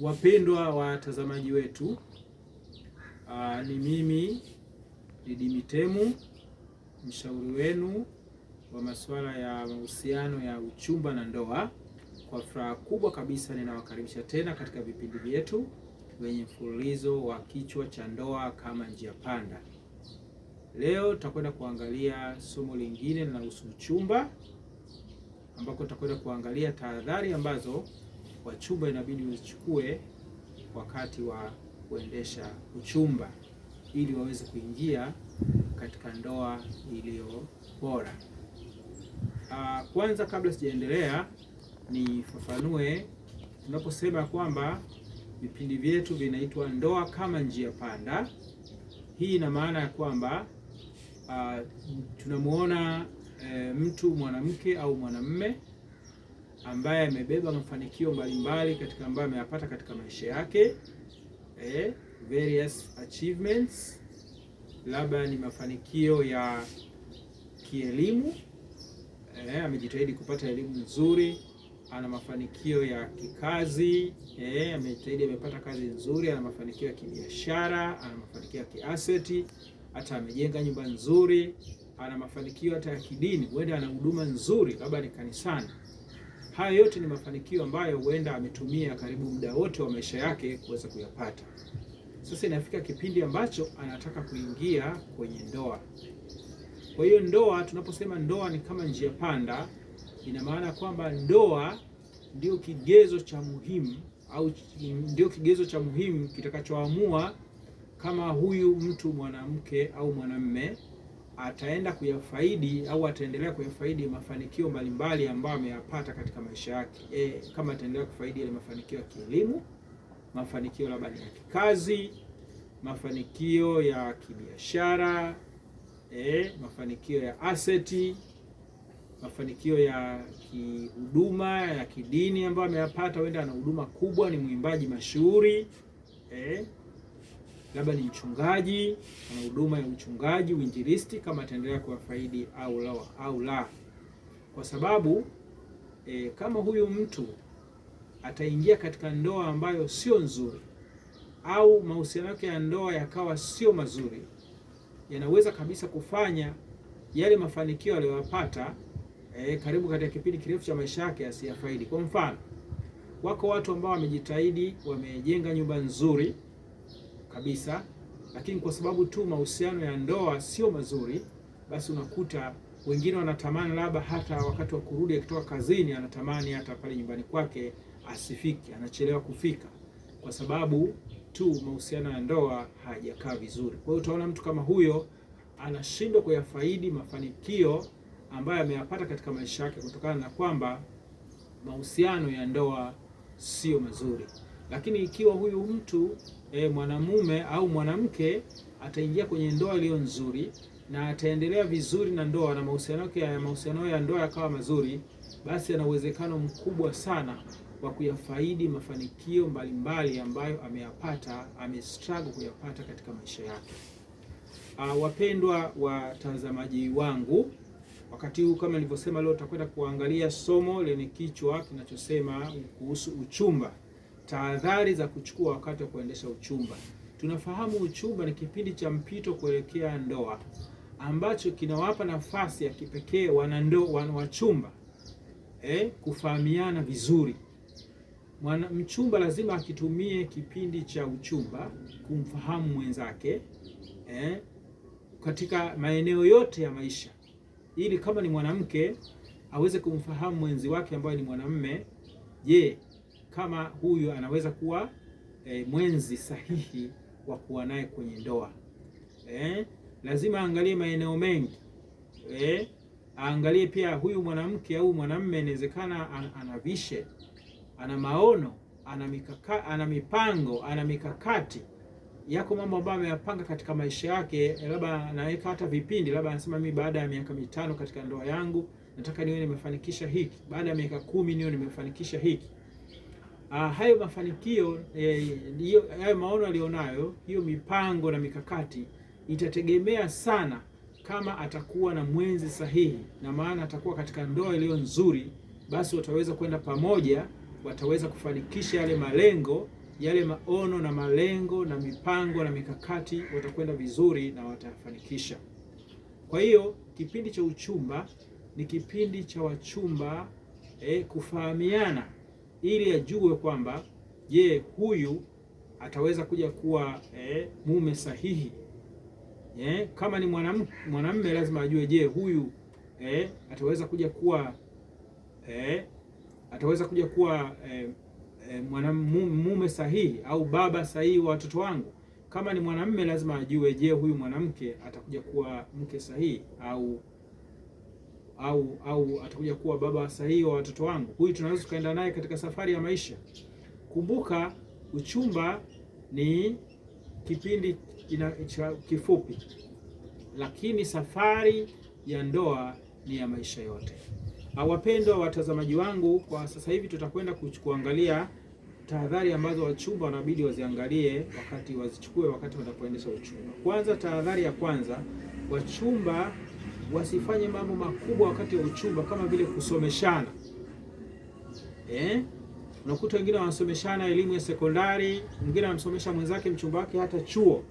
Wapendwa watazamaji wetu, aa, ah, ni mimi Didi Mitemu mshauri wenu wa masuala ya mahusiano ya uchumba na ndoa. Kwa furaha kubwa kabisa ninawakaribisha tena katika vipindi vyetu wenye mfululizo wa kichwa cha ndoa kama njia panda. Leo tutakwenda kuangalia somo lingine linahusu uchumba, ambako tutakwenda kuangalia tahadhari ambazo wachumba inabidi uzichukue wakati wa kuendesha uchumba ili waweze kuingia katika ndoa iliyo bora. Ah, kwanza, kabla sijaendelea, nifafanue tunaposema kwamba vipindi vyetu vinaitwa ndoa kama njia panda. Hii ina maana ya kwamba ah, tunamwona e, eh, mtu mwanamke au mwanamume ambaye amebeba mafanikio mbalimbali katika ambayo ameyapata katika maisha yake eh, various achievements, labda ni mafanikio ya kielimu eh, amejitahidi kupata elimu nzuri, ana mafanikio ya kikazi eh, amejitahidi amepata kazi nzuri, ana mafanikio ya kibiashara, ana mafanikio ya kiaseti, hata amejenga nyumba nzuri, ana mafanikio hata ya kidini, huenda ana huduma nzuri, labda ni kanisani. Haya yote ni mafanikio ambayo huenda ametumia karibu muda wote wa maisha yake kuweza kuyapata. Sasa inafika kipindi ambacho anataka kuingia kwenye ndoa. Kwa hiyo ndoa, tunaposema ndoa ni kama njia panda, ina maana kwamba ndoa ndio kigezo cha muhimu au ndio kigezo cha muhimu kitakachoamua kama huyu mtu mwanamke au mwanamme ataenda kuyafaidi au ataendelea kuyafaidi mafanikio mbalimbali ambayo ameyapata katika maisha yake. E, kama ataendelea kufaidi ile mafanikio ya kielimu, mafanikio labda ya kikazi, mafanikio ya kibiashara, e, mafanikio ya aseti, mafanikio ya kihuduma ya kidini ambayo ameyapata. Huenda ana huduma kubwa, ni mwimbaji mashuhuri e, labda ni mchungaji, ana huduma ya uchungaji, uinjilisti, kama ataendelea kuwafaidi au la, au la, kwa sababu e, kama huyu mtu ataingia katika ndoa ambayo sio nzuri au mahusiano yake ya ndoa yakawa sio mazuri, yanaweza kabisa kufanya yale mafanikio aliyoyapata e, karibu katika kipindi kirefu cha maisha yake asiyafaidi. Kwa mfano, wako watu ambao wamejitahidi, wamejenga nyumba nzuri kabisa, lakini kwa sababu tu mahusiano ya ndoa sio mazuri, basi unakuta wengine wanatamani labda hata wakati wa kurudi akitoka kazini anatamani hata pale nyumbani kwake asifike, anachelewa kufika kwa sababu tu mahusiano ya ndoa hayajakaa vizuri. Kwa hiyo utaona mtu kama huyo anashindwa kuyafaidi mafanikio ambayo ameyapata katika maisha yake kutokana na kwamba mahusiano ya ndoa sio mazuri. Lakini ikiwa huyu mtu e, mwanamume au mwanamke ataingia kwenye ndoa iliyo nzuri na ataendelea vizuri na ndoa na mahusiano yake ya mahusiano ya ndoa yakawa mazuri, basi ana uwezekano mkubwa sana wa kuyafaidi mafanikio mbalimbali mbali ambayo ameyapata, amestruggle kuyapata katika maisha yake. Uh, wapendwa watazamaji wangu, wakati huu kama nilivyosema, leo tutakwenda kuangalia somo lenye kichwa kinachosema kuhusu uchumba. Tahadhari za kuchukua wakati wa kuendesha uchumba. Tunafahamu uchumba ni kipindi cha mpito kuelekea ndoa ambacho kinawapa nafasi ya kipekee wanandoa wachumba eh, kufahamiana vizuri. Mwana, mchumba lazima akitumie kipindi cha uchumba kumfahamu mwenzake eh, katika maeneo yote ya maisha, ili kama ni mwanamke aweze kumfahamu mwenzi wake ambaye ni mwanamume. Je, kama huyu anaweza kuwa e, mwenzi sahihi wa kuwa naye kwenye ndoa e, lazima aangalie maeneo mengi e, aangalie pia huyu mwanamke au mwanamme, inawezekana an, ana vishe, ana maono, ana mikaka, ana mipango, ana mikakati yako mambo ambayo ameyapanga katika maisha yake, labda anaweka hata vipindi, labda anasema mimi baada ya miaka mitano katika ndoa yangu nataka niwe nimefanikisha hiki, baada ya miaka kumi niwe nimefanikisha hiki. Uh, hayo mafanikio eh, hayo maono alionayo, hiyo mipango na mikakati itategemea sana kama atakuwa na mwenzi sahihi, na maana atakuwa katika ndoa iliyo nzuri, basi wataweza kwenda pamoja, wataweza kufanikisha yale malengo, yale maono na malengo na mipango na mikakati, watakwenda vizuri na watafanikisha. Kwa hiyo kipindi cha uchumba ni kipindi cha wachumba eh, kufahamiana ili ajue kwamba je, huyu ataweza kuja kuwa eh, mume sahihi eh, kama ni mwanamume lazima ajue, je, huyu eh, ataweza kuja kuwa eh, ataweza kuja kuwa eh, eh, mwanamume sahihi au baba sahihi wa watoto wangu. Kama ni mwanamume lazima ajue, je, huyu mwanamke atakuja kuwa mke sahihi au au au atakuja kuwa baba sahihi wa watoto wangu. Huyu tunaweza tukaenda naye katika safari ya maisha. Kumbuka uchumba ni kipindi ina, cha kifupi, lakini safari ya ndoa ni ya maisha yote. Wapendwa watazamaji wangu, kwa sasa hivi tutakwenda kuangalia tahadhari ambazo wachumba wanabidi waziangalie wakati wazichukue wakati wanapoendesha uchumba. Kwanza, tahadhari ya kwanza, wachumba wasifanye mambo makubwa wakati wa uchumba, kama vile kusomeshana eh? Unakuta wengine wanasomeshana elimu ya sekondari, mwingine anamsomesha mwenzake mchumba wake hata chuo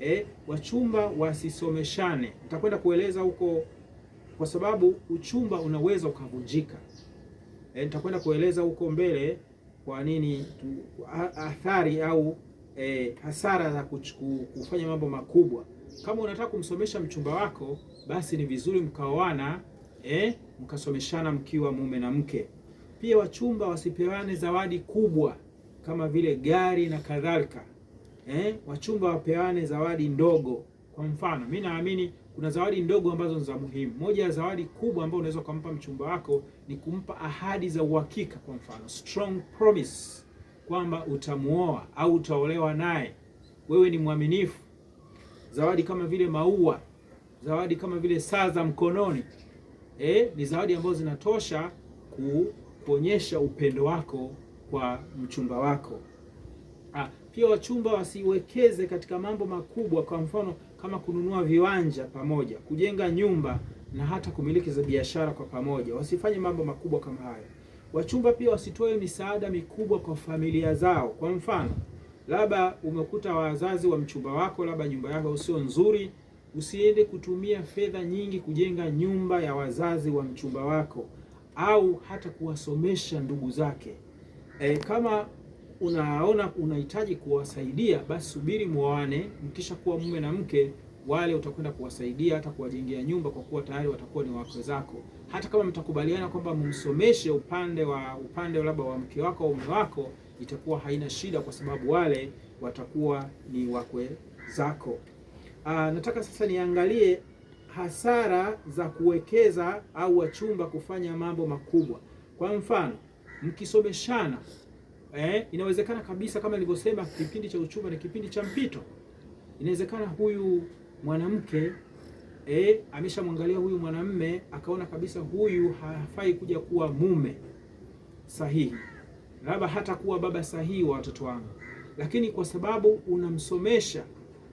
eh? Wachumba wasisomeshane, nitakwenda kueleza huko, kwa sababu uchumba unaweza ukavunjika. Eh, nitakwenda kueleza huko mbele kwa nini athari au eh, hasara za kufanya mambo makubwa kama unataka kumsomesha mchumba wako, basi ni vizuri mkaoana, eh, mkasomeshana mkiwa mume na mke. Pia wachumba wasipewane zawadi kubwa kama vile gari na kadhalika. Eh, wachumba wapewane zawadi ndogo. Kwa mfano, mi naamini kuna zawadi ndogo ambazo ni za muhimu. Moja ya zawadi kubwa ambayo unaweza ukampa mchumba wako ni kumpa ahadi za uhakika, kwa mfano strong promise, kwamba utamuoa au utaolewa naye, wewe ni mwaminifu zawadi kama vile maua, zawadi kama vile saa za mkononi eh, ni zawadi ambazo zinatosha kuonyesha upendo wako kwa mchumba wako. Ah, pia wachumba wasiwekeze katika mambo makubwa, kwa mfano kama kununua viwanja pamoja, kujenga nyumba na hata kumiliki za biashara kwa pamoja. Wasifanye mambo makubwa kama hayo. Wachumba pia wasitoe misaada mikubwa kwa familia zao, kwa mfano labda umekuta wazazi wa mchumba wako, labda nyumba yako sio nzuri, usiende kutumia fedha nyingi kujenga nyumba ya wazazi wa mchumba wako au hata kuwasomesha ndugu zake. E, kama unaona unahitaji kuwasaidia basi subiri muoane, mkisha kuwa mume na mke wale utakwenda kuwasaidia hata kuwajengea nyumba, kwa kuwa tayari watakuwa ni wakwe zako. Hata kama mtakubaliana kwamba mumsomeshe upande wa upande labda wa mke wako au mume wako itakuwa haina shida, kwa sababu wale watakuwa ni wakwe zako. Aa, ah, nataka sasa niangalie hasara za kuwekeza au wachumba kufanya mambo makubwa. Kwa mfano mkisomeshana, eh, inawezekana kabisa kama nilivyosema, kipindi cha uchumba ni kipindi cha mpito. Inawezekana huyu mwanamke eh, ameshamwangalia huyu mwanamme akaona kabisa huyu hafai kuja kuwa mume sahihi labda hata kuwa baba sahihi wa watoto wangu, lakini kwa sababu unamsomesha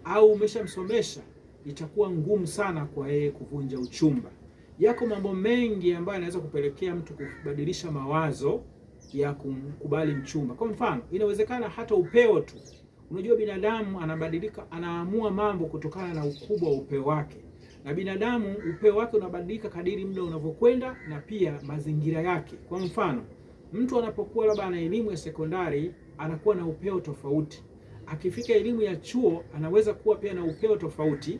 au umeshamsomesha itakuwa ngumu sana kwa yeye kuvunja uchumba. Yako mambo mengi ambayo yanaweza kupelekea mtu kubadilisha mawazo ya kumkubali mchumba. Kwa mfano, inawezekana hata upeo tu. Unajua, binadamu anabadilika, anaamua mambo kutokana na ukubwa wa upeo wake, na binadamu upeo wake unabadilika kadiri muda unavyokwenda na pia mazingira yake. Kwa mfano mtu anapokuwa labda ana elimu ya sekondari anakuwa na upeo tofauti, akifika elimu ya chuo anaweza kuwa pia na upeo tofauti.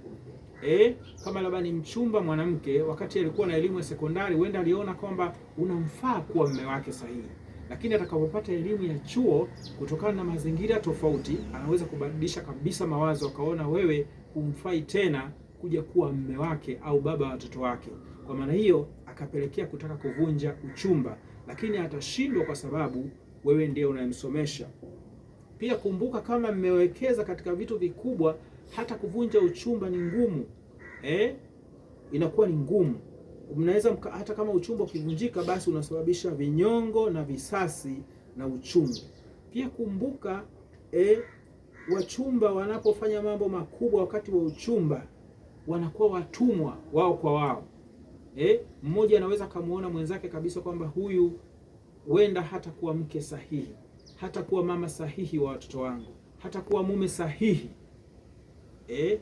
E, kama labda ni mchumba mwanamke, wakati alikuwa na elimu ya sekondari, huenda aliona kwamba unamfaa kuwa mume wake sahihi, lakini atakapopata elimu ya chuo, kutokana na mazingira tofauti, anaweza kubadilisha kabisa mawazo, akaona wewe humfai tena kuja kuwa mume wake au baba wa watoto wake. Kwa maana hiyo, akapelekea kutaka kuvunja uchumba lakini atashindwa kwa sababu wewe ndiye unayemsomesha. Pia kumbuka, kama mmewekeza katika vitu vikubwa, hata kuvunja uchumba ni ngumu eh? Inakuwa ni ngumu. Mnaweza hata kama uchumba ukivunjika, basi unasababisha vinyongo na visasi na uchumba Pia kumbuka eh, wachumba wanapofanya mambo makubwa wakati wa uchumba wanakuwa watumwa wao kwa wao eh, mmoja anaweza akamuona mwenzake kabisa kwamba huyu wenda hata kuwa mke sahihi, hata kuwa mama sahihi wa watoto wangu, hata kuwa mume sahihi eh,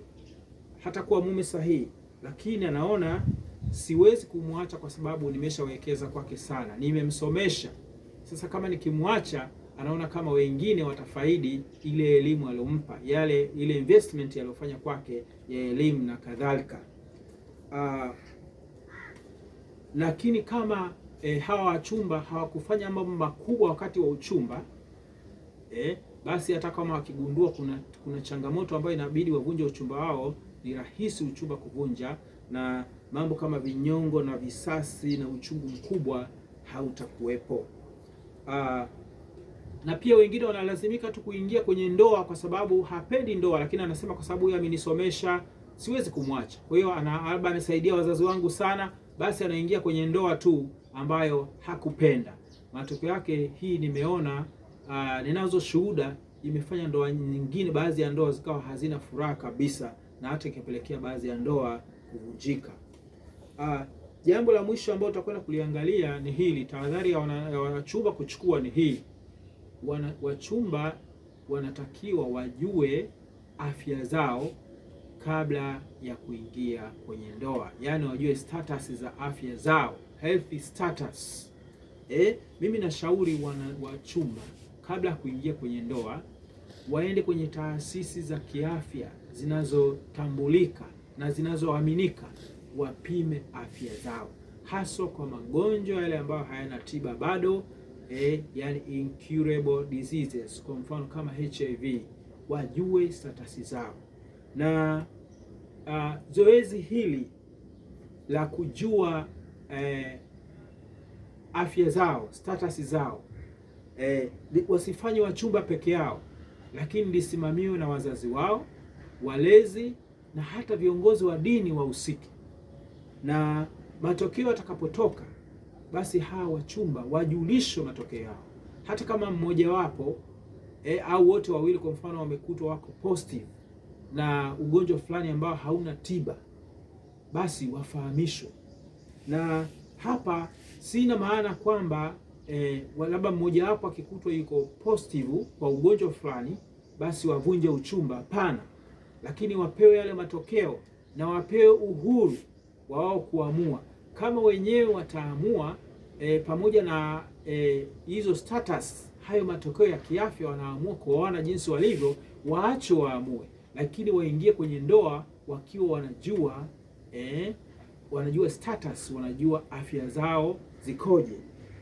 hata kuwa mume sahihi, lakini anaona siwezi kumwacha kwa sababu nimeshawekeza kwake sana, nimemsomesha. Sasa kama nikimwacha, anaona kama wengine watafaidi ile elimu aliyompa, yale ile investment aliyofanya kwake ya elimu na kadhalika. Uh, lakini kama e, hawa wachumba hawakufanya mambo makubwa wakati wa uchumba e, basi hata kama wakigundua kuna, kuna changamoto ambayo inabidi wavunje uchumba wao, ni rahisi uchumba kuvunja, na mambo kama vinyongo na visasi na uchungu mkubwa hautakuwepo. Aa, ah, na pia wengine wanalazimika tu kuingia kwenye ndoa kwa sababu hapendi ndoa, lakini anasema kwa sababu yeye amenisomesha siwezi kumwacha. Kwa hiyo ana labda amesaidia wazazi wangu sana basi anaingia kwenye ndoa tu ambayo hakupenda. Matokeo yake hii nimeona, uh, ninazo shuhuda, imefanya ndoa nyingine, baadhi ya ndoa zikawa hazina furaha kabisa, na hata ikapelekea baadhi ya ndoa kuvunjika. Uh, jambo la mwisho ambalo tutakwenda kuliangalia ni hili, tahadhari ya wanachumba kuchukua ni hii wana, wachumba wanatakiwa wajue afya zao kabla ya kuingia kwenye ndoa, yaani wajue status za afya zao, health status. Eh, mimi nashauri wachumba kabla ya kuingia kwenye ndoa waende kwenye taasisi za kiafya zinazotambulika na zinazoaminika, wapime afya zao, haswa kwa magonjwa yale ambayo hayana tiba bado eh, yani incurable diseases, kwa mfano kama HIV, wajue status zao na uh, zoezi hili la kujua eh, afya zao status zao eh, wasifanye wachumba peke yao, lakini lisimamiwe na wazazi wao, walezi na hata viongozi wa dini wahusiki na matokeo yatakapotoka, basi hawa wachumba wajulishwe matokeo yao, hata kama mmojawapo eh, au wote wawili kwa mfano wamekutwa wako positive na ugonjwa fulani ambao hauna tiba, basi wafahamishwe. Na hapa sina maana kwamba eh, labda mmojawapo akikutwa yuko positive kwa ugonjwa fulani basi wavunje uchumba, hapana, lakini wapewe yale matokeo na wapewe uhuru wa wao kuamua kama wenyewe wataamua eh, pamoja na eh, hizo status, hayo matokeo ya kiafya wanaamua kuona jinsi walivyo, waache waamue lakini waingie kwenye ndoa wakiwa wanajua eh, wanajua status, wanajua afya zao zikoje.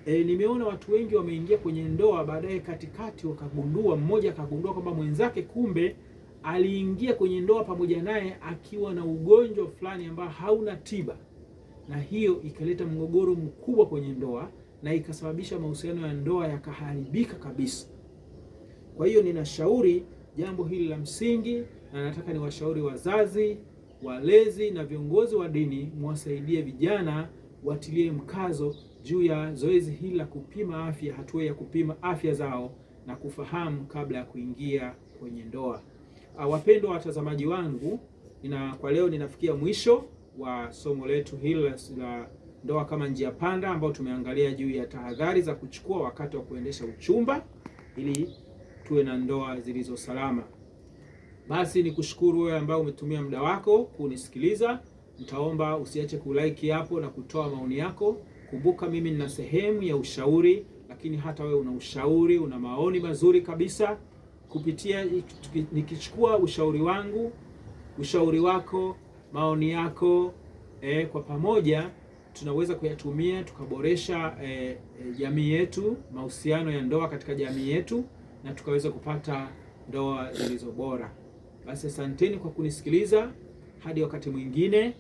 E, nimeona watu wengi wameingia kwenye ndoa baadaye, katikati wakagundua, mmoja akagundua kwamba mwenzake kumbe aliingia kwenye ndoa pamoja naye akiwa na ugonjwa fulani ambao hauna tiba, na hiyo ikaleta mgogoro mkubwa kwenye ndoa na ikasababisha mahusiano ya ndoa yakaharibika kabisa. Kwa hiyo ninashauri jambo hili la msingi nataka ni washauri wazazi, walezi na viongozi wa dini mwasaidie vijana watilie mkazo juu ya zoezi hili la kupima afya, hatua ya kupima afya zao na kufahamu kabla ya kuingia kwenye ndoa. Ah, wapendwa watazamaji wangu, nina kwa leo ninafikia mwisho wa somo letu hili la ndoa kama njia panda, ambao tumeangalia juu ya tahadhari za kuchukua wakati wa kuendesha uchumba ili tuwe na ndoa zilizo salama. Basi ni kushukuru wewe ambaye umetumia muda wako kunisikiliza. Nitaomba usiache kulaiki hapo na kutoa maoni yako. Kumbuka mimi nina sehemu ya ushauri, lakini hata wewe una ushauri, una maoni mazuri kabisa kupitia nikichukua ushauri wangu, ushauri wako, maoni yako e, kwa pamoja tunaweza kuyatumia tukaboresha e, jamii yetu, mahusiano ya ndoa katika jamii yetu na tukaweza kupata ndoa zilizo bora. Basi asanteni kwa kunisikiliza hadi wakati mwingine.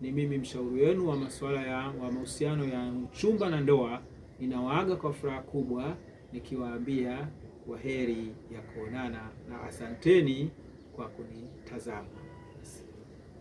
Ni mimi mshauri wenu wa masuala ya wa mahusiano ya mchumba na ndoa, ninawaaga kwa furaha kubwa nikiwaambia waheri ya kuonana na asanteni kwa kunitazama.